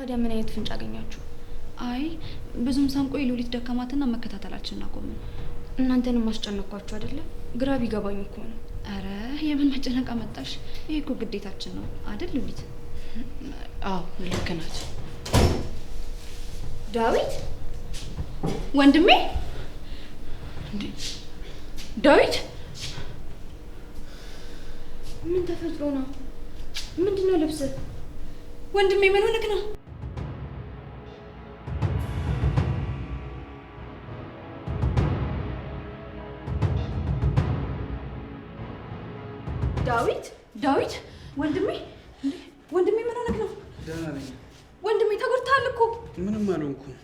ታዲያ ምን አይነት ፍንጭ አገኛችሁ? አይ ብዙም ሳንቆይ ሉሊት ደከማትና መከታተላችን አቆምን። እናንተንም አስጨነኳችሁ አይደለም? ግራ ቢገባኝ እኮ ነው። አረ የምን መጨነቅ አመጣሽ? ይሄ እኮ ግዴታችን ነው አይደል ሉሊት? አዎ ልክ ናት። ዳዊት ወንድሜ፣ ዳዊት ምን ተፈጥሮ ነው? ምንድን ነው ወንድሜ ምን ሆነክ ነው? ብሎሻል እኮ። ምንም አልሆንኩም።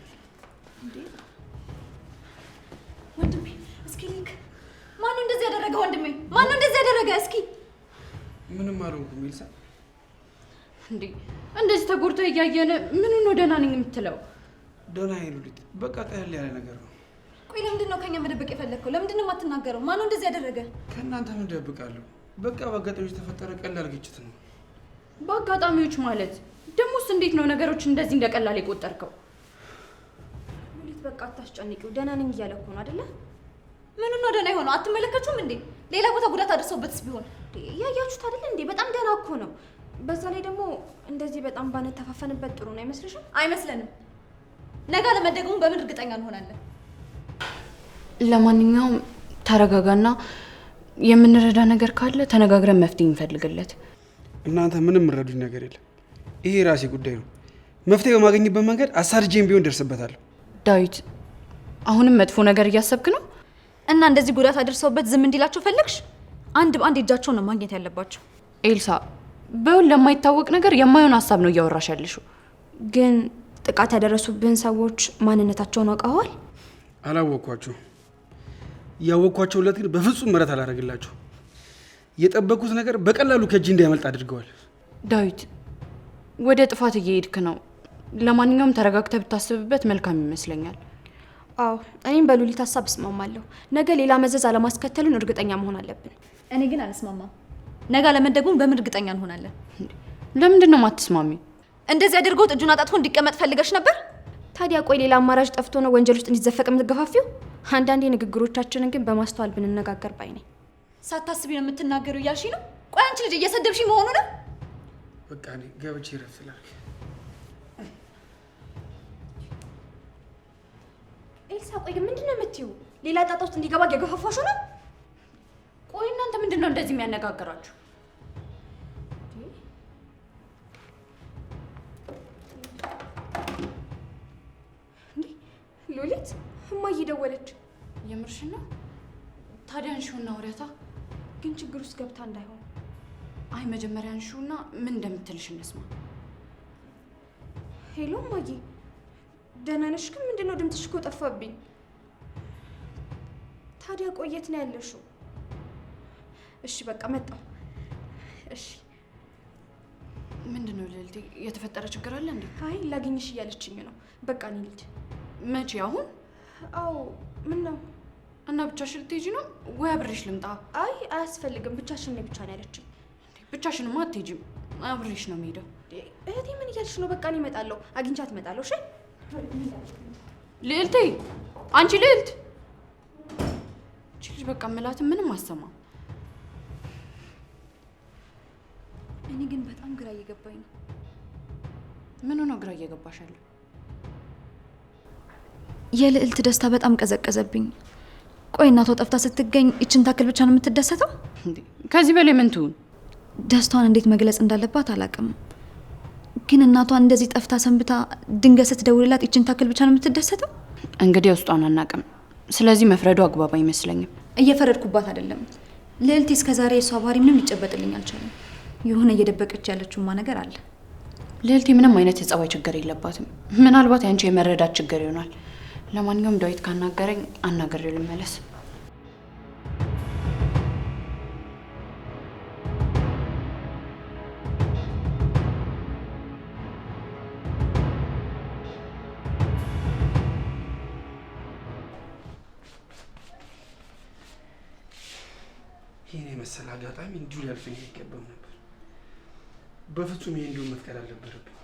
ወንድሜ እስኪ ልክ ማነው እንደዚህ ያደረገ? ወንድሜ ማነው እንደዚህ ያደረገ? እስኪ ምንም አልሆንኩም። ይልሳ እንዴ እንደዚህ ተጎድቶ እያየን ምን ነው ደህና ነኝ የምትለው? ደህና ይሉልት በቃ ቀለል ያለ ነገር ነው። ቆይ ለምንድን ነው ከኛ መደበቅ የፈለግከው? ለምንድን ነው የማትናገረው? ማነው እንደዚህ ያደረገ? ከእናንተ ምን ደብቃለሁ? በቃ በአጋጣሚዎች የተፈጠረ ቀላል ግጭት ነው። በአጋጣሚዎች ማለት ደግሞስ እንዴት ነው ነገሮች እንደዚህ እንደቀላል የቆጠርከው? ሉሊት በቃ አታስጨንቂው፣ ደህና ነኝ እያለ እኮ ነው አይደለ? ምኑ ነው ደህና የሆነው? አትመለከቱም እንዴ? ሌላ ቦታ ጉዳት አድርሰውበትስ ቢሆን እያያችሁት አይደል እንዴ? በጣም ደህና እኮ ነው። በዛ ላይ ደግሞ እንደዚህ በጣም ባንተፋፈንበት ጥሩ ነው አይመስልሽም? አይመስለንም። ነገ ለመደገሙ በምን እርግጠኛ እንሆናለን? ለማንኛውም ተረጋጋና የምንረዳ ነገር ካለ ተነጋግረን መፍትሄ እንፈልግለት። እናንተ ምንም ረዱኝ ነገር የለም። ይሄ ራሴ ጉዳይ ነው። መፍትሄ በማገኝበት መንገድ አሳድጄም ቢሆን ደርስበታለሁ። ዳዊት፣ አሁንም መጥፎ ነገር እያሰብክ ነው እና እንደዚህ ጉዳት አድርሰውበት ዝም እንዲላቸው ፈለግሽ? አንድ በአንድ እጃቸው ነው ማግኘት ያለባቸው። ኤልሳ፣ በውል ለማይታወቅ ነገር የማይሆን ሀሳብ ነው እያወራሽ ያለሽው። ግን ጥቃት ያደረሱብን ሰዎች ማንነታቸውን አውቀዋል? አላወቅኳቸው። ያወቅኳቸው ዕለት ግን በፍጹም ምሕረት አላደርግላቸው። የጠበቁት ነገር በቀላሉ ከእጅ እንዳያመልጥ አድርገዋል። ዳዊት ወደ ጥፋት እየሄድክ ነው። ለማንኛውም ተረጋግተ ብታስብበት መልካም ይመስለኛል። አዎ እኔም በሉሊት ሀሳብ እስማማለሁ። ነገ ሌላ መዘዝ አለማስከተሉን እርግጠኛ መሆን አለብን። እኔ ግን አልስማማም። ነገ አለመደጉም በምን እርግጠኛ እንሆናለን? ለምንድን ነው ማትስማሚ? እንደዚህ አድርጎት እጁን አጣጥፎ እንዲቀመጥ ፈልገሽ ነበር? ታዲያ ቆይ ሌላ አማራጭ ጠፍቶ ነው ወንጀል ውስጥ እንዲዘፈቅ የምትገፋፊው? አንዳንዴ ንግግሮቻችንን ግን በማስተዋል ብንነጋገር ባይ ነኝ። ሳታስቢ ነው የምትናገሩ እያልሽ ነው? ቆይ አንቺ ልጅ እየሰደብሽ መሆኑ ነው? በቃ ገብቼ ረፍት ላድርግ። ኤልሳ ቆይ ግን ምንድን ነው የምትይው? ሌላ ጣጣ ውስጥ እንዲገባ የገፋፋሹ ነው? ቆይ እናንተ ምንድን ነው እንደዚህ የሚያነጋግራችሁ? ሉሊት እማዬ ደወለች። የምርሽ ነው? ታዲያ እንሽውና ግን ችግር ውስጥ ገብታ እንዳይሆን አይ መጀመሪያ አንሺውና ምን እንደምትልሽ እንስማ። ሄሎ እማዬ፣ ደህና ነሽ? ግን ምንድን ነው ድምፅሽ እኮ ጠፋብኝ። ታዲያ ቆየት ነው ያለሽው? እሺ በቃ መጣሁ። እሺ ምንድን ነው የተፈጠረ ችግር አለ እንዴ? አይ ላግኝሽ እያለችኝ ነው። በቃ እኔ ልጅ መቼ? አሁን? አዎ። ምን ነው እና ብቻሽን ልትሄጂ ነው ወይ? አብሬሽ ልምጣ? አይ አያስፈልግም፣ ብቻሽን ብቻ ነው ያለችኝ። ብቻሽንማ አትሄጂም፣ አብሬሽ ነው የምሄደው። እህቴ ምን እያልሽ ነው? በቃ እኔ እመጣለሁ፣ አግኝቻት እመጣለሁ። እሺ ልዕልቴ፣ አንቺ ልዕልት፣ እቺ በቃ እምላትም ምንም አሰማ። እኔ ግን በጣም ግራ እየገባኝ ነው። ምኑ ነው ግራ እየገባሻለሁ? የልዕልት ደስታ በጣም ቀዘቀዘብኝ። ቆይ እናቷ ጠፍታ ስትገኝ ይችን ታክል ብቻ ነው የምትደሰተው? ከዚህ በላይ ምን ትሁን? ደስታዋን እንዴት መግለጽ እንዳለባት አላቅም ግን እናቷ እንደዚህ ጠፍታ ሰንብታ ድንገት ስትደውልላት ይችን ታክል ብቻ ነው የምትደሰተው። እንግዲህ ውስጧን አናቅም ስለዚህ መፍረዱ አግባብ አይመስለኝም። እየፈረድኩባት አይደለም ልዕልቴ። እስከዛሬ የእሷ ባህሪ ምንም ሊጨበጥልኝ አልቻለም። የሆነ እየደበቀች ያለችውማ ነገር አለ። ልዕልቴ ምንም አይነት የጸባይ ችግር የለባትም። ምናልባት ያንቺ የመረዳት ችግር ይሆናል። ለማንኛውም ዳዊት ካናገረኝ አናገር ልመለስ። የመሰለ አጋጣሚ እንዲሁ ሊያልፈኝ አይገባም ነበር። በፍጹም ይሄ እንዲሁም መፍቀድ አልነበረብኝ።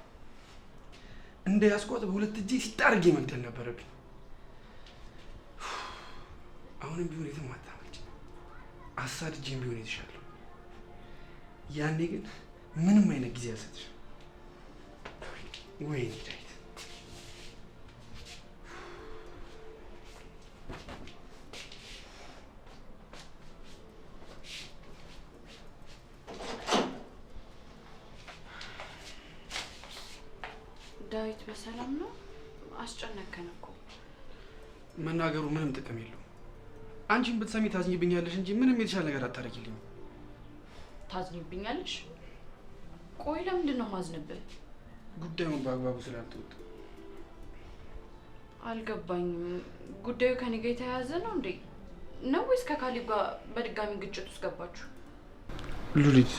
እንደ ያስቆጥ በሁለት እጄ ሲጣርጌ መግደል ነበረብኝ። አሁንም ቢሆን የትም አታመልጭ። አሳድጄም ቢሆን የተሻለው ያኔ ግን ምንም አይነት ጊዜ አልሰጥሽም። ወይኔ ዳይ ምንም ጥቅም የለውም። አንቺን ብትሰሚ ታዝኝብኛለሽ እንጂ ምንም የተሻለ ነገር አታደርጊልኝም። ታዝኝብኛለሽ? ቆይ ለምንድን ነው ማዝንብህ? ጉዳዩን በአግባቡ ስላልተወጡ አልገባኝም። ጉዳዩ ከኔ ጋር የተያያዘ ነው እንዴ ነው ወይስ ከካሌብ ጋር በድጋሚ ግጭት ውስጥ ገባችሁ? ሉሊት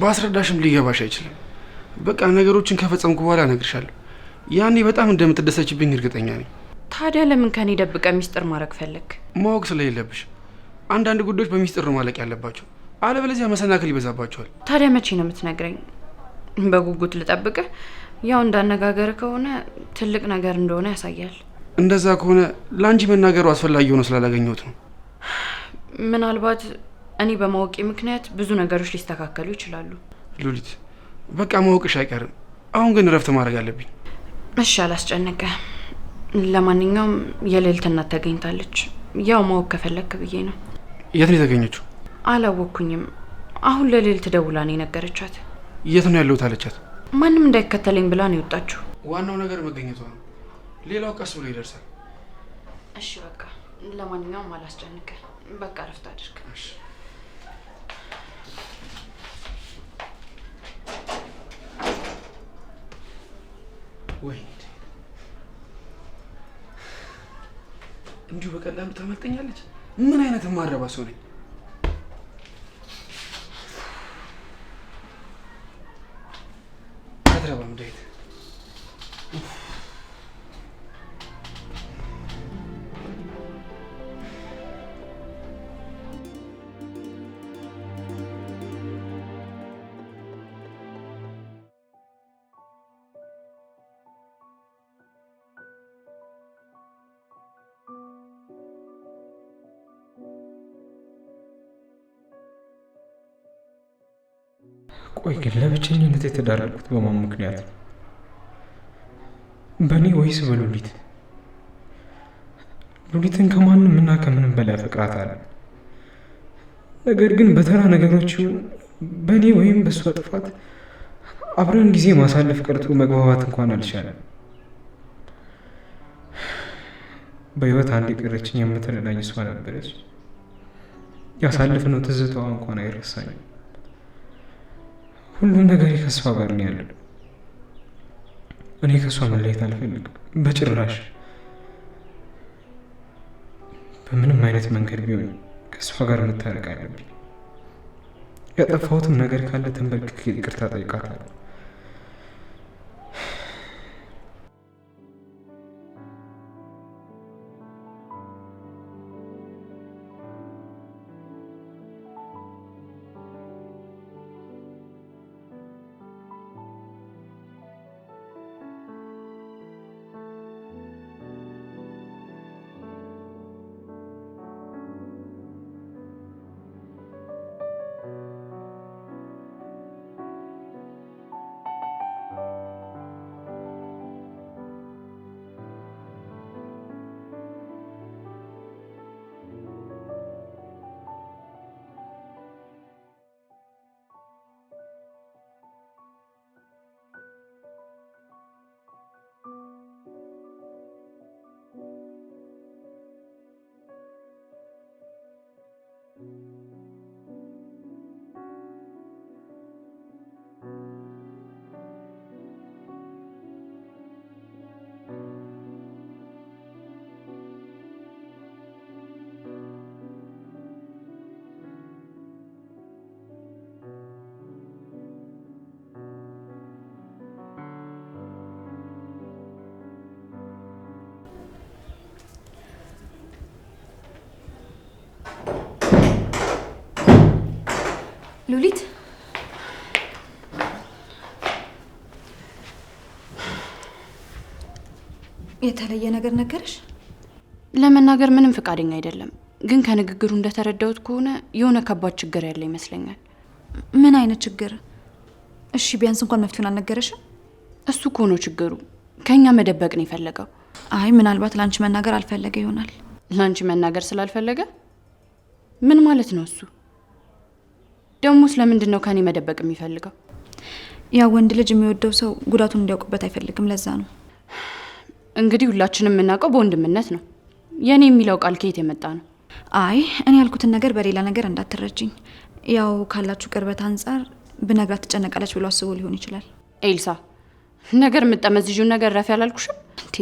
በአስረዳሽም ሊገባሽ አይችልም። በቃ ነገሮችን ከፈጸምኩ በኋላ እነግርሻለሁ። ያኔ በጣም እንደምትደሰችብኝ እርግጠኛ ነኝ። ታዲያ ለምን ከኔ ደብቀ ሚስጥር ማድረግ ፈለግ? ማወቅ ስለሌለብሽ አንዳንድ ጉዳዮች በሚስጥር ነው ማለቅ ያለባቸው፣ አለበለዚያ መሰናክል ይበዛባቸዋል። ታዲያ መቼ ነው የምትነግረኝ? በጉጉት ልጠብቀ ያው እንዳነጋገር ከሆነ ትልቅ ነገር እንደሆነ ያሳያል። እንደዛ ከሆነ ለአንቺ መናገሩ አስፈላጊ ሆኖ ስላላገኘሁት ነው። ምናልባት እኔ በማወቂ ምክንያት ብዙ ነገሮች ሊስተካከሉ ይችላሉ። ሉሊት፣ በቃ ማወቅሽ አይቀርም። አሁን ግን እረፍት ማድረግ አለብኝ። እሺ፣ አላስጨነቀህም። ለማንኛውም የልዕልት እናት ተገኝታለች። ያው ማወቅ ከፈለክ ብዬ ነው። የት ነው የተገኘችው? አላወቅኩኝም። አሁን ለልዕልት ደውላ ነው የነገረቻት። የት ነው ያለሁት አለቻት። ማንም እንዳይከተለኝ ብላ ነው የወጣችሁ። ዋናው ነገር መገኘቷ ነው። ሌላው ቀስ ብሎ ይደርሳል። እሺ በቃ ለማንኛውም አላስጨንቀ። በቃ ረፍት አድርግ። ወይ እንዲሁ በቀላሉ ታመልጠኛለች? ምን አይነት ማረባ ሰው ነኝ? ቆይ ግን ለብቸኝነት የተዳረጉት በማን ምክንያት ነው? በእኔ ወይስ በሉሊት? ሉሊትን ከማንም እና ከምንም በላይ አፈቅራታለሁ። ነገር ግን በተራ ነገሮች በእኔ ወይም በእሷ ጥፋት አብረን ጊዜ ማሳለፍ ቀርቶ መግባባት እንኳን አልቻለም። በህይወት አንድ የቀረችኝ የምትረዳኝ እሷ ነበረች። ያሳለፍነው ትዝታዋ እንኳን አይረሳኝም። ሁሉም ነገር ከሷ ጋር ነው ያለው። እኔ ከሷ መለየት አልፈልግም በጭራሽ በምንም አይነት መንገድ ቢሆን ከእሷ ጋር መታረቅ አለብኝ። ያጠፋሁትም ነገር ካለ ተንበርክኬ ይቅርታ ጠይቃታለሁ። ሉሊት የተለየ ነገር ነገረሽ? ለመናገር ምንም ፈቃደኛ አይደለም፣ ግን ከንግግሩ እንደተረዳሁት ከሆነ የሆነ ከባድ ችግር ያለ ይመስለኛል። ምን አይነት ችግር? እሺ ቢያንስ እንኳን መፍትሄውን አልነገረሽም? እሱ እኮ ችግሩ። ከእኛ መደበቅ ነው የፈለገው። አይ ምናልባት ለአንቺ መናገር አልፈለገ ይሆናል። ለአንቺ መናገር ስላልፈለገ ምን ማለት ነው እሱ? ደግሞ ለምንድን ነው ከኔ መደበቅ የሚፈልገው? ያ ወንድ ልጅ የሚወደው ሰው ጉዳቱን እንዲያውቁበት አይፈልግም። ለዛ ነው እንግዲህ ሁላችንም የምናውቀው በወንድምነት ነው። የእኔ የሚለው ቃል ከየት የመጣ ነው? አይ እኔ ያልኩትን ነገር በሌላ ነገር እንዳትረጅኝ። ያው ካላችሁ ቅርበት አንጻር ብነግራት ትጨነቃለች ብሎ አስቦ ሊሆን ይችላል። ኤልሳ ነገር የምጠመዝዡን ነገር ረፊ አላልኩሽም እንዴ?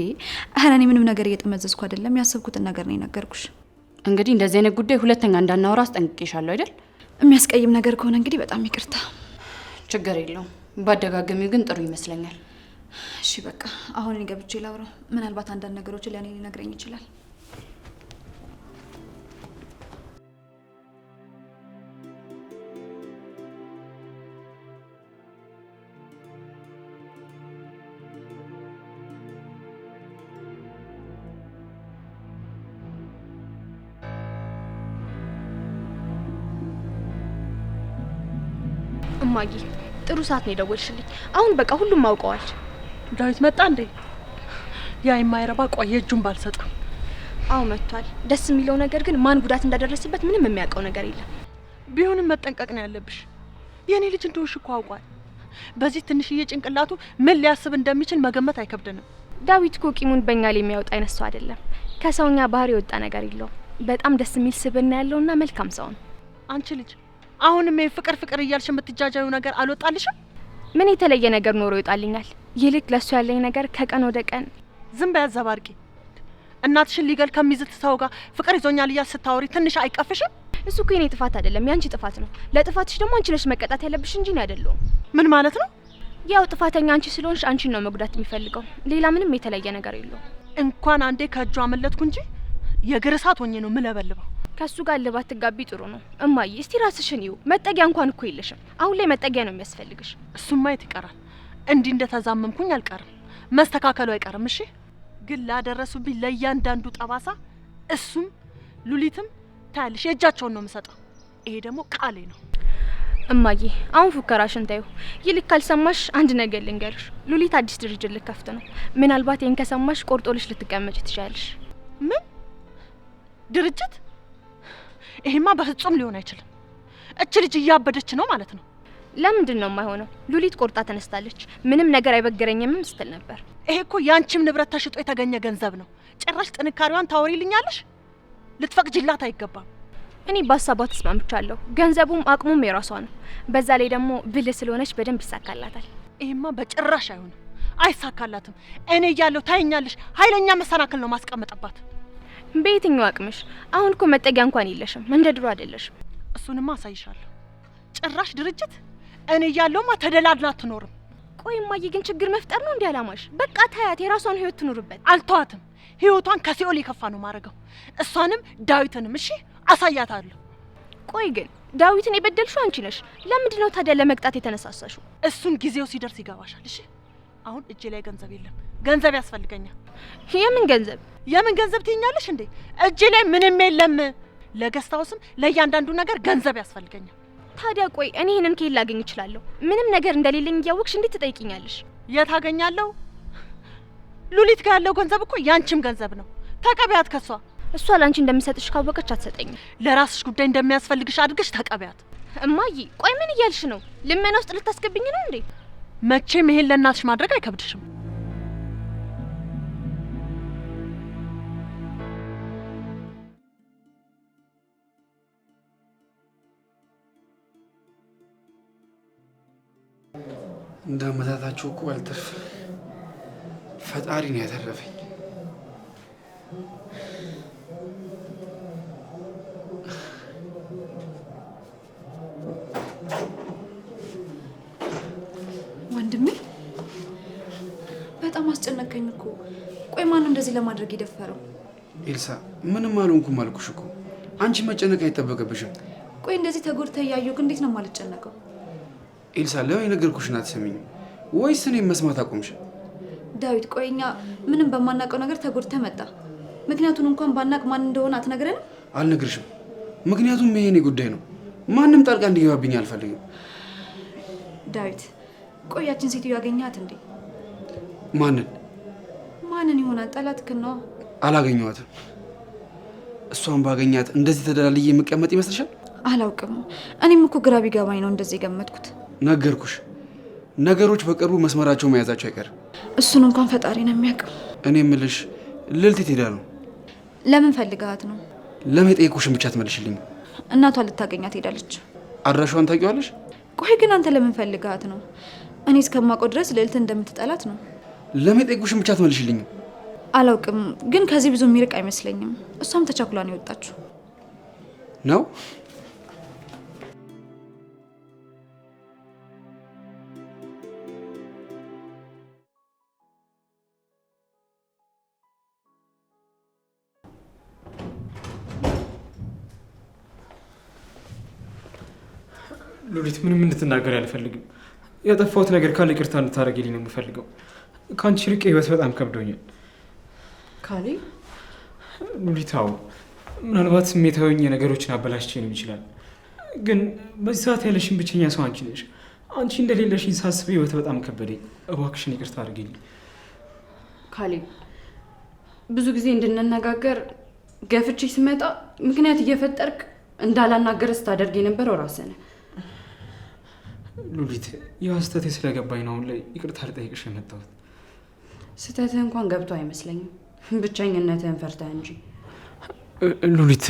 ኧረ እኔ ምንም ነገር እየጠመዘዝኩ አይደለም። ያሰብኩትን ነገር ነው የነገርኩሽ። እንግዲህ እንደዚህ አይነት ጉዳይ ሁለተኛ እንዳናወራ አስጠንቅቄሻለሁ አይደል? የሚያስቀይም ነገር ከሆነ እንግዲህ በጣም ይቅርታ። ችግር የለውም። በአደጋገሚው ግን ጥሩ ይመስለኛል። እሺ በቃ አሁን እኔ ገብቼ ምናልባት አንዳንድ ነገሮችን ለእኔ ሊነግረኝ ይችላል። ማጊ፣ ጥሩ ሰዓት ነው የደወልሽልኝ። አሁን በቃ ሁሉም አውቀዋል። ዳዊት መጣ እንዴ? ያ የማይረባ ቆየ እጁን ባልሰጠው። አዎ መጥቷል። ደስ የሚለው ነገር ግን ማን ጉዳት እንዳደረሰበት ምንም የሚያውቀው ነገር የለም። ቢሆንም መጠንቀቅ ነው ያለብሽ። የእኔ ልጅ እንደሆንሽ እኮ አውቋል። በዚህ ትንሽዬ ጭንቅላቱ ምን ሊያስብ እንደሚችል መገመት አይከብድንም። ዳዊት እኮ ቂሙን በእኛ ላይ የሚያወጣ አይነት ሰው አይደለም። ከሰውኛ ባህሪ የወጣ ነገር የለውም። በጣም ደስ የሚል ስብዕና ያለውና መልካም ሰው ነው። አንቺ ልጅ አሁንም ፍቅር ፍቅር እያልሽ የምትጃጃዩ ነገር አልወጣልሽም? ምን የተለየ ነገር ኖሮ ይወጣልኛል? ይልቅ ለእሱ ያለኝ ነገር ከቀን ወደ ቀን ዝም በይ እናትሽን ሊገል ከሚዝት ሰው ጋር ፍቅር ይዞኛል እያል ስታወሪ ትንሽ አይቀፍሽም? እሱ እኮ የኔ ጥፋት አይደለም፣ ያንቺ ጥፋት ነው። ለጥፋትሽ ደግሞ አንቺ ነሽ መቀጣት ያለብሽ እንጂ እኔ አይደለሁም። ምን ማለት ነው? ያው ጥፋተኛ አንቺ ስለሆንሽ አንቺን ነው መጉዳት የሚፈልገው። ሌላ ምንም የተለየ ነገር የለውም። እንኳን አንዴ ከእጇ አመለጥኩ እንጂ የግር እሳት ሆኜ ነው ምለበልበው ከሱ ጋር ልባት ትጋቢ ጥሩ ነው። እማዬ እስቲ ራስሽን ይው። መጠጊያ እንኳን እኮ የለሽም። አሁን ላይ መጠጊያ ነው የሚያስፈልግሽ። እሱም ማየት ይቀራል። እንዲህ እንደተዛመምኩኝ አልቀርም። መስተካከሉ አይቀርም። እሺ። ግን ላደረሱብኝ ለእያንዳንዱ ጠባሳ እሱም ሉሊትም ታያለሽ፣ የእጃቸውን ነው የምሰጠው። ይሄ ደግሞ ቃሌ ነው። እማዬ አሁን ፉከራሽን ታዩ። ይልቅ ካልሰማሽ አንድ ነገር ልንገርሽ። ሉሊት አዲስ ድርጅት ልከፍት ነው። ምናልባት ይህን ከሰማሽ ቆርጦልሽ ልትቀመጭ ትችያለሽ። ምን ድርጅት? ይሄማ በፍጹም ሊሆን አይችልም። እች ልጅ እያበደች ነው ማለት ነው። ለምንድን ነው የማይሆነው? ሉሊት ቆርጣ ተነስታለች። ምንም ነገር አይበገረኝም ስትል ነበር። ይሄ እኮ የአንቺም ንብረት ተሽጦ የተገኘ ገንዘብ ነው። ጭራሽ ጥንካሬዋን ታወሪልኛለሽ? ልትፈቅጅላት አይገባም። እኔ በሀሳቧ ተስማምቻለሁ። ገንዘቡም አቅሙም የራሷ ነው። በዛ ላይ ደግሞ ብልህ ስለሆነች በደንብ ይሳካላታል። ይሄማ በጭራሽ አይሆንም፣ አይሳካላትም። እኔ እያለሁ ታይኛለሽ። ኃይለኛ መሰናክል ነው ማስቀመጥባት በየትኛው አቅምሽ? አሁን እኮ መጠጊያ እንኳን የለሽም፣ እንደ ድሮ አይደለሽም። እሱንማ አሳይሻለሁ። ጭራሽ ድርጅት እኔ እያለሁማ ተደላድላ አትኖርም። ቆይ እማዬ፣ ግን ችግር መፍጠር ነው እንዲህ አላማሽ? በቃ ታያት፣ የራሷን ህይወት ትኖርበት። አልተዋትም። ህይወቷን ከሲኦል የከፋ ነው ማድረገው። እሷንም ዳዊትንም እሺ፣ አሳያታለሁ። ቆይ ግን ዳዊትን የበደልሽው አንቺ ነሽ። ለምንድን ነው ታዲያ ለመቅጣት የተነሳሳሽው? እሱን ጊዜው ሲደርስ ይገባሻል። እሺ አሁን እጄ ላይ ገንዘብ የለም። ገንዘብ ያስፈልገኛል። የምን ገንዘብ የምን ገንዘብ ትይኛለሽ እንዴ? እጄ ላይ ምንም የለም። ለገስታውስም ለእያንዳንዱ ነገር ገንዘብ ያስፈልገኛል። ታዲያ ቆይ እኔ ይህንን ከየት ላገኝ እችላለሁ? ምንም ነገር እንደሌለኝ እያወቅሽ እንዴት ትጠይቅኛለሽ? የት አገኛለሁ? ሉሊት ጋር ያለው ገንዘብ እኮ ያንቺም ገንዘብ ነው። ተቀቢያት ከሷ። እሷ ለአንቺ እንደምሰጥሽ ካወቀች አትሰጠኝም። ለራስሽ ጉዳይ እንደሚያስፈልግሽ አድርገሽ ተቀቢያት እማዬ ቆይ ምን እያልሽ ነው? ልመና ውስጥ ልታስገብኝ ነው እንዴ? መቼም ይሄን ለእናትሽ ማድረግ አይከብድሽም። እንዳመታታችሁ እኮ አልተርፍ ፈጣሪ ነው ያተረፈኝ። እንደዚህ ለማድረግ የደፈረው? ኤልሳ ምንም አልሆንኩም አልኩሽ እኮ አንቺ መጨነቅ አይጠበቅብሽም። ቆይ እንደዚህ ተጎድተህ እያየሁ እንዴት ነው የማልጨነቀው? ኤልሳ ለምን የነገርኩሽን አትሰሚኝም? ወይስ እኔ መስማት አቆምሽ? ዳዊት ቆይ እኛ ምንም በማናውቀው ነገር ተጎድተህ መጣ። ምክንያቱን እንኳን ባናቅ ማን እንደሆነ አትነግረንም? አልነግርሽም። ምክንያቱም ይሄ እኔ ጉዳይ ነው። ማንም ጣልቃ እንዲገባብኝ አልፈልግም። ዳዊት ቆያችን ሴትዮ ያገኛት እንዴ? ማንን? ማንን ይሆናል? ጠላትክን ነዋ። አላገኘኋትም። እሷን ባገኛት እንደዚህ ተደላልዬ የምቀመጥ ይመስልሻል? አላውቅም። እኔም እኮ ግራ ቢገባኝ ነው እንደዚህ የገመትኩት። ነገርኩሽ፣ ነገሮች በቅርቡ መስመራቸው መያዛቸው አይቀርም። እሱን እንኳን ፈጣሪ ነው የሚያውቅም። እኔ ምልሽ ልልት ትሄዳ ነው? ለምን ፈልገሃት ነው? ለምን የጠየቁሽን ብቻ ትመልሽልኝ። እናቷ ልታገኛት ሄዳለች። አድራሿን ታውቂዋለሽ? ቆይ ግን አንተ ለምን ፈልገሃት ነው? እኔ እስከማውቀው ድረስ ልልት እንደምትጠላት ነው። ለመጠየቁሽን ብቻ ትመልሽልኝም? አላውቅም፣ ግን ከዚህ ብዙ የሚርቅ አይመስለኝም። እሷም ተቻኩላ የወጣችሁ ነው። ሉሊት ምንም እንድትናገር አልፈልግም። ያጠፋሁት ነገር ካለ ይቅርታ እንድታደርግልኝ ነው የምፈልገው። ከአንቺ ይልቅ ህይወት በጣም ከብዶኛል። ካሌ ሉሊታው፣ ምናልባት ስሜታዊ ነገሮችን አበላሽቼ ነው ይችላል። ግን በዚህ ሰዓት ያለሽን ብቸኛ ሰው አንቺ ነሽ። አንቺ እንደሌለሽኝ ሳስብ ህይወት በጣም ከበደኝ። እባክሽን ይቅርታ አድርጊኝ። ካሌ ብዙ ጊዜ እንድንነጋገር ገፍቼ ስመጣ ምክንያት እየፈጠርክ እንዳላናገር ስታደርግ የነበረው ራስህ ሉሊት፣ ያው ስህተቴ ስለገባኝ ነው አሁን ላይ ይቅርታ ልጠይቅሽ የመጣሁት። ስህተትህ እንኳን ገብቶ አይመስለኝም። ብቸኝነትህን ፈርተህ እንጂ። ሉሊት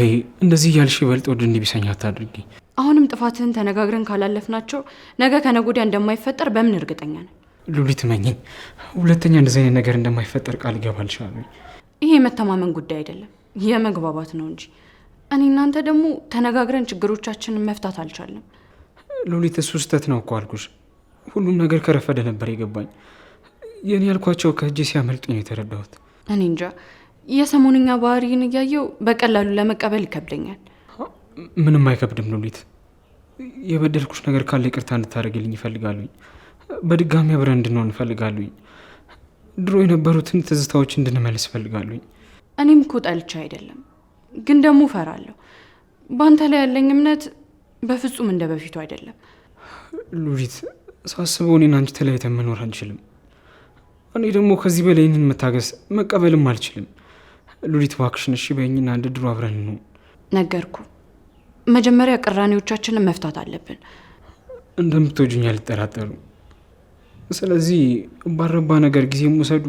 እንደዚህ እያልሽ ይበልጥ ወደ እንዲቢሰኝ አታድርጊ። አሁንም ጥፋትህን ተነጋግረን ካላለፍናቸው ነገ ከነገ ወዲያ እንደማይፈጠር በምን እርግጠኛ ነን? ሉሊት መኝኝ፣ ሁለተኛ እንደዚህ አይነት ነገር እንደማይፈጠር ቃል እገባልሻለሁ። ይሄ የመተማመን ጉዳይ አይደለም፣ የመግባባት ነው እንጂ እኔ እናንተ ደግሞ ተነጋግረን ችግሮቻችንን መፍታት አልቻለም። ሉሊት፣ እሱ ስህተት ነው እኮ አልኩሽ። ሁሉም ነገር ከረፈደ ነበር የገባኝ። የኔ ያልኳቸው ከእጅ ሲያመልጡ ነው የተረዳሁት። እኔ እንጃ የሰሞንኛ ባህሪን እያየው በቀላሉ ለመቀበል ይከብደኛል። ምንም አይከብድም ሉሊት፣ የበደልኩሽ ነገር ካለ ይቅርታ እንድታደርግልኝ ይፈልጋሉኝ። በድጋሚ አብረን እንድንሆን ይፈልጋሉኝ። ድሮ የነበሩትን ትዝታዎች እንድንመልስ ይፈልጋሉኝ። እኔም እኮ ጠልቼ አይደለም፣ ግን ደግሞ እፈራለሁ። በአንተ ላይ ያለኝ እምነት በፍጹም እንደ በፊቱ አይደለም ሉሊት። ሳስበው እኔና አንቺ ተለያይተን መኖር አንችልም። እኔ ደግሞ ከዚህ በላይ ይህንን መታገስ መቀበልም አልችልም። ሉሊት እባክሽን እሺ በይኝና እንደ ድሮ አብረን ነው። ነገርኩ። መጀመሪያ ቅራኔዎቻችንን መፍታት አለብን። እንደምትወጁኝ አልጠራጠሩ። ስለዚህ ባረባ ነገር ጊዜ መውሰዱ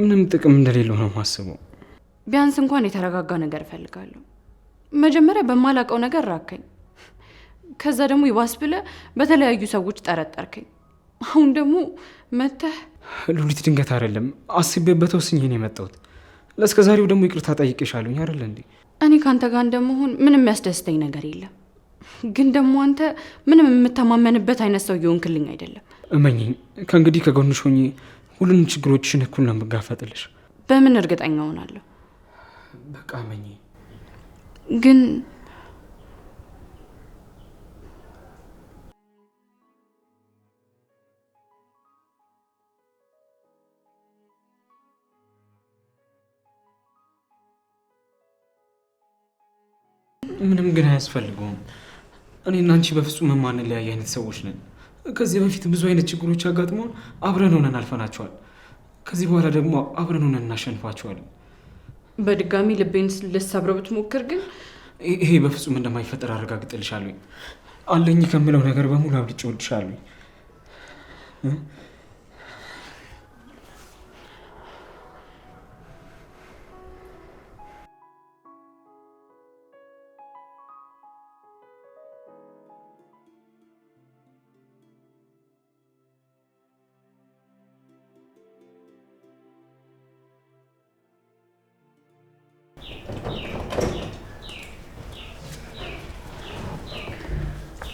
ምንም ጥቅም እንደሌለው ነው ማስበው። ቢያንስ እንኳን የተረጋጋ ነገር እፈልጋለሁ። መጀመሪያ በማላውቀው ነገር ራከኝ፣ ከዛ ደግሞ ይባስ ብለህ በተለያዩ ሰዎች ጠረጠርከኝ። አሁን ደግሞ መተህ ሉሊት ድንገት አይደለም አስቤበት ወስኜ ነው የመጣሁት። ለእስከ ዛሬው ደግሞ ይቅርታ ጠይቄሻለሁ አይደለ እንዴ? እኔ ከአንተ ጋር እንደመሆን ምንም የሚያስደስተኝ ነገር የለም፣ ግን ደግሞ አንተ ምንም የምተማመንበት አይነት ሰው እየሆንክልኝ አይደለም። እመኝኝ፣ ከእንግዲህ ከጎንሽ ሆኜ ሁሉንም ችግሮችሽን እኩል ነው የምጋፈጥልሽ። በምን እርግጠኛ ሆናለሁ? በቃ እመኝኝ ግን ምንም ግን አያስፈልገውም። እኔ እና አንቺ በፍጹም የማንለያይ አይነት ሰዎች ነን። ከዚህ በፊት ብዙ አይነት ችግሮች አጋጥመውን አብረን ሆነን አልፈናቸዋል። ከዚህ በኋላ ደግሞ አብረን ሆነን እናሸንፋቸዋል። በድጋሚ ልቤን ልትሰብረው ብትሞክር ግን ይሄ በፍጹም እንደማይፈጠር አረጋግጥልሻለሁ። አለኝ ከምለው ነገር በሙሉ አብልጬ ወድሻለሁ።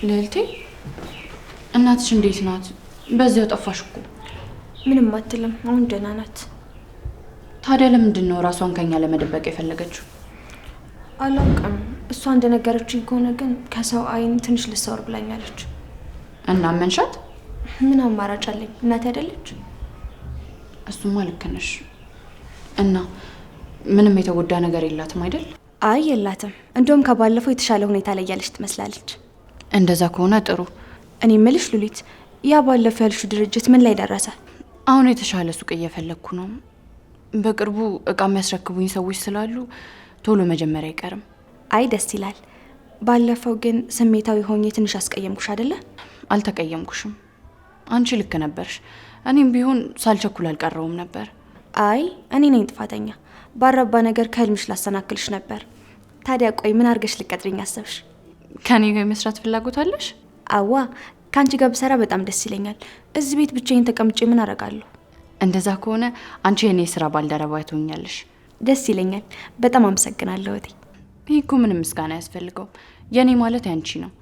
ልዕልቴ እናትሽ እንዴት ናት? በዚያው ጠፋሽ እኮ። ምንም አትልም፣ አሁን ደህና ናት። ታዲያ ለምንድን ነው ራሷን ከኛ ለመደበቅ የፈለገችው? አላውቅም። እሷ እንደነገረችኝ ከሆነ ግን ከሰው አይን ትንሽ ልሰውር ብላኛለች። እና መንሻት ምን አማራጭ አለኝ? እናት አይደለች? እሱማ ልክ ነሽ። እና ምንም የተጎዳ ነገር የላትም አይደል? አይ የላትም። እንደውም ከባለፈው የተሻለ ሁኔታ ላይ ያለች ትመስላለች። እንደዛ ከሆነ ጥሩ። እኔ ምልሽ ሉሊት፣ ያ ባለፈው ያልሹ ድርጅት ምን ላይ ደረሰ? አሁን የተሻለ ሱቅ እየፈለግኩ ነው። በቅርቡ እቃ የሚያስረክቡኝ ሰዎች ስላሉ ቶሎ መጀመሪያ አይቀርም። አይ ደስ ይላል። ባለፈው ግን ስሜታዊ ሆኜ ትንሽ አስቀየምኩሽ አይደለ? አልተቀየምኩሽም። አንቺ ልክ ነበርሽ። እኔም ቢሆን ሳልቸኩል አልቀረውም ነበር። አይ እኔ ነኝ ጥፋተኛ። ባረባ ነገር ከህልምሽ ላሰናክልሽ ነበር። ታዲያ ቆይ ምን አድርገሽ ልቀጥርኝ አሰብሽ? ከኔ ጋር የመስራት ፍላጎት አለሽ? አዋ ከአንቺ ጋር ብሰራ በጣም ደስ ይለኛል። እዚህ ቤት ብቻዬን ተቀምጬ ምን አረጋለሁ? እንደዛ ከሆነ አንቺ የኔ የስራ ባልደረባ ትሆኛለሽ። ደስ ይለኛል። በጣም አመሰግናለሁ እህቴ። ይህ እኮ ምንም ምስጋና ያስፈልገው የእኔ ማለት ያንቺ ነው።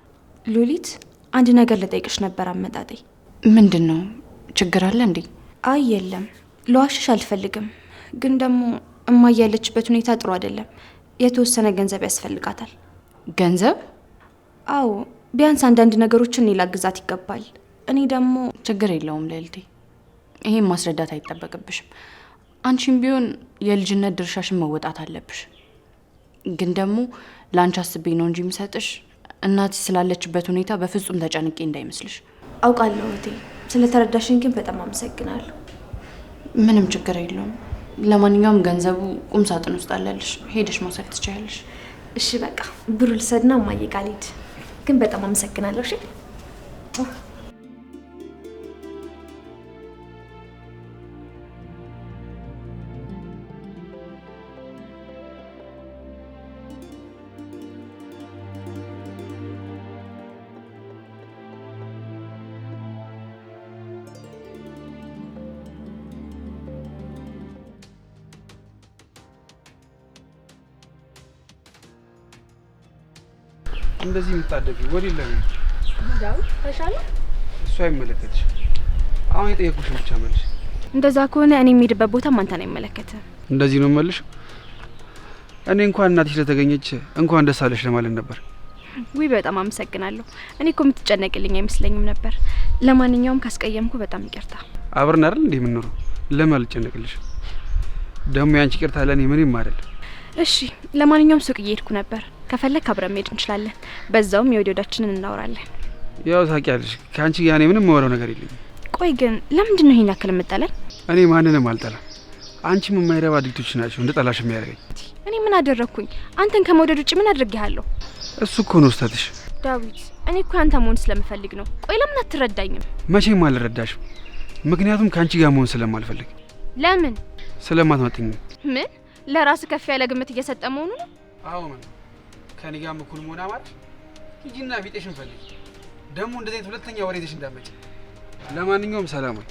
ሉሊት፣ አንድ ነገር ልጠይቅሽ ነበር አመጣጤ። ምንድን ነው? ችግር አለ እንዴ? አይ የለም፣ ለዋሽሽ አልፈልግም። ግን ደግሞ እማያለችበት ያለችበት ሁኔታ ጥሩ አይደለም። የተወሰነ ገንዘብ ያስፈልጋታል። ገንዘብ አዎ ቢያንስ አንዳንድ ነገሮችን እኔ ላግዛት ይገባል። እኔ ደግሞ ችግር የለውም ልዕልቴ፣ ይሄን ማስረዳት አይጠበቅብሽም። አንቺም ቢሆን የልጅነት ድርሻሽን መወጣት አለብሽ። ግን ደግሞ ለአንቺ አስቤ ነው እንጂ የምሰጥሽ እናት ስላለችበት ሁኔታ በፍጹም ተጨንቄ እንዳይመስልሽ። አውቃለሁ እህቴ። ስለተረዳሽን ግን በጣም አመሰግናለሁ። ምንም ችግር የለውም። ለማንኛውም ገንዘቡ ቁም ሳጥን ውስጥ አለልሽ፣ ሄደሽ መውሰድ ትችያለሽ። እሺ በቃ ብሩ ልሰድና ማየቃሊድ ግን በጣም አመሰግናለሁ። እሺ እንደዚህ የምታደርጊው ወዲህ ለምን? ዳዊት ተሻለ። እሱ አይመለከትሽም። አሁን የጠየኩሽን ብቻ መልሽ። እንደዛ ከሆነ እኔ የሚሄድበት ቦታም አንተን አይመለከትም። እንደዚህ ነው መልሽ። እኔ እንኳን እናትሽ ለተገኘች እንኳን ደስ አለሽ ለማለት ነበር። ውይ በጣም አመሰግናለሁ። እኔ እኮ የምትጨነቅልኝ አይመስለኝም ነበር። ለማንኛውም ካስቀየምኩ በጣም ይቅርታ። አብረን አይደል እንዴ የምንኖረው? ለምን አልጨነቅልሽ? ደግሞ ያንቺ ቅርታ ለእኔ ምንም አይደል። እሺ፣ ለማንኛውም ሱቅ እየሄድኩ ነበር። ከፈለክ አብረን መሄድ እንችላለን። በዛውም የወደዳችንን እናወራለን። ያው ታውቂያለሽ ከአንቺ ጋር እኔ ምንም የምወራው ነገር የለኝ። ቆይ ግን ለምንድን ነው ይሄን ያክል የምጠላኝ? እኔ ማንንም አልጠላም። አንቺም የማይረባ ድርጊቶች ናቸው እንደ ጠላሽ የሚያደርገኝ። እኔ ምን አደረግኩኝ? አንተን ከመውደድ ውጭ ምን አድርጌሃለሁ? እሱ እኮ ነው ስህተትሽ ዳዊት። እኔ እኮ አንተ መሆን ስለምፈልግ ነው። ቆይ ለምን አትረዳኝም? መቼም አልረዳሽም፣ ምክንያቱም ከአንቺ ጋር መሆን ስለማልፈልግ። ለምን? ስለማትመጥኝ። ምን? ለራስ ከፍ ያለ ግምት እየሰጠ መሆኑ ነው። አዎ ከኔ ጋርም እኩል መሆን አማር ሂጂና ቢጤሽን ፈልጊ። ደግሞ እንደዚህ አይነት ሁለተኛ ወሬ ይዘሽ እንዳትመጪ። ለማንኛውም ሰላም ወይ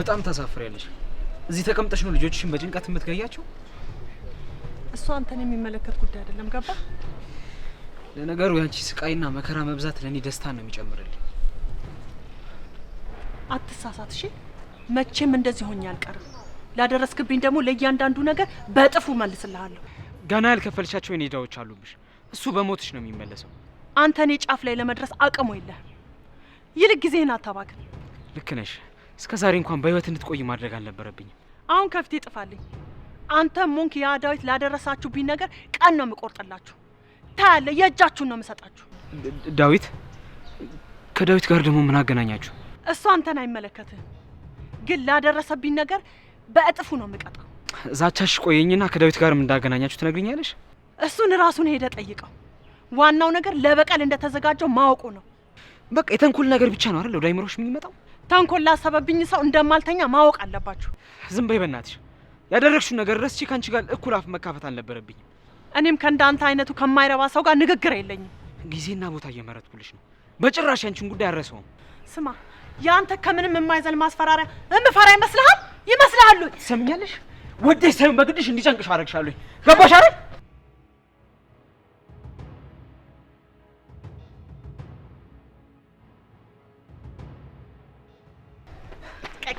በጣም ታሳፍሪያለሽ። እዚህ ተቀምጠሽ ነው ልጆችሽን በጭንቀት የምትገያቸው። እሱ አንተን የሚመለከት ጉዳይ አይደለም። ገባ? ለነገሩ ያንቺ ስቃይና መከራ መብዛት ለእኔ ደስታ ነው የሚጨምርልኝ። አትሳሳት እሺ። መቼም እንደዚህ ሆኜ አልቀርም። ላደረስክብኝ ደግሞ ለእያንዳንዱ ነገር በጥፉ መልስልሃለሁ። ገና ያልከፈልሻቸው የኔ ዕዳዎች አሉብሽ። እሱ በሞትሽ ነው የሚመለሰው። አንተ እኔ ጫፍ ላይ ለመድረስ አቅሙ የለህም። ይልቅ ጊዜህን አታባክን። ልክ ነሽ። እስከ ዛሬ እንኳን በህይወት እንድትቆይ ማድረግ አልነበረብኝም። አሁን ከፊቴ ጥፋልኝ። አንተ ሞንክ፣ ያ ዳዊት ላደረሳችሁብኝ ነገር ቀን ነው የምቆርጥላችሁ። ታያለ፣ የእጃችሁን ነው የምሰጣችሁ። ዳዊት ከዳዊት ጋር ደግሞ ምን አገናኛችሁ? እሱ አንተን አይመለከትህም፣ ግን ላደረሰብኝ ነገር በእጥፉ ነው የምቀጣው። ዛቻሽ ቆየኝና ከዳዊት ጋር እንዳገናኛችሁ ትነግርኛለሽ? እሱን ራሱን ሄደ ጠይቀው። ዋናው ነገር ለበቀል እንደተዘጋጀው ማወቁ ነው። በቃ የተንኮል ነገር ብቻ ነው አይደል ወደ አይምሮሽ የሚመጣው? ተንኮል ላሰበብኝ ሰው እንደማልተኛ ማወቅ አለባችሁ። ዝም በይ በእናትሽ። ያደረግሽው ነገር ረስቼ ከአንቺ ጋር እኩል አፍ መካፈት አልነበረብኝም። እኔም ከእንዳንተ አይነቱ ከማይረባ ሰው ጋር ንግግር የለኝም። ጊዜና ቦታ እየመረጥኩልሽ ነው። በጭራሽ ያንቺን ጉዳይ አረሰውም። ስማ፣ የአንተ ከምንም የማይዘል ማስፈራሪያ እምፈራ ይመስልሃል? ይመስልሃሉ? ትሰምኛለሽ? ወደሽ ሰው በግድሽ እንዲጨንቅሽ አደርግሻለሁ። ገባሽ አይደል?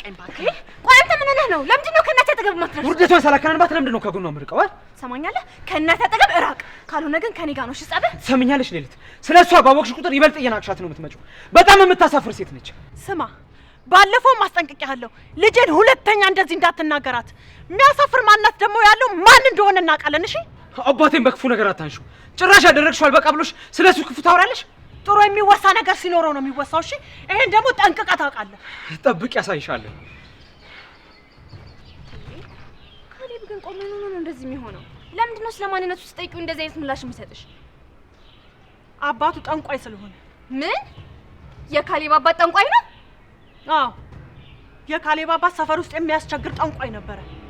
ልቀቀኝ እባክህ። ቆይ አንተ ምን ሆነህ ነው? ለምንድን ነው ከእናትህ አጠገብ የማትረፍ? ውርደቷን ሳላከናንባት ለምንድን ነው ከጎኗ የምርቀው? አይ ትሰማኛለህ? ከእናትህ አጠገብ እራቅ፣ ካልሆነ ግን ከኔ ጋር ነው። እሺ ጸበህ ትሰምኛለሽ? ሌሊት ስለ እሷ ባወቅሽ ቁጥር ይበልጥ እየናቅሻት ነው የምትመጪው። በጣም የምታሳፍር ሴት ነች። ስማ ባለፈው ማስጠንቀቂያለሁ፣ ልጄን ሁለተኛ እንደዚህ እንዳትናገራት። የሚያሳፍር ማናት ደግሞ ያለው ማን እንደሆነ እናውቃለን። እሺ አባቴን በክፉ ነገር አታንሺው። ጭራሽ ያደረግሽዋል በቃ ብሎሽ ስለ እሱ ክፉ ታወራለሽ። ጥሩ የሚወሳ ነገር ሲኖረው ነው የሚወሳው። እሺ፣ ይሄን ደግሞ ጠንቅቃ ታውቃለህ። ጠብቅ፣ ያሳይሻለሁ። ካሌብ ግን ቆይ፣ ምን ነው እንደዚህ የሚሆነው? ለምንድን ነው ስለ ማንነቱ ስጠይቂው እንደዚህ አይነት ምላሽ የምሰጥሽ? አባቱ ጠንቋይ ስለሆነ። ምን? የካሌብ አባት ጠንቋይ ነው? አዎ፣ የካሌብ አባት ሰፈር ውስጥ የሚያስቸግር ጠንቋይ ነበረ።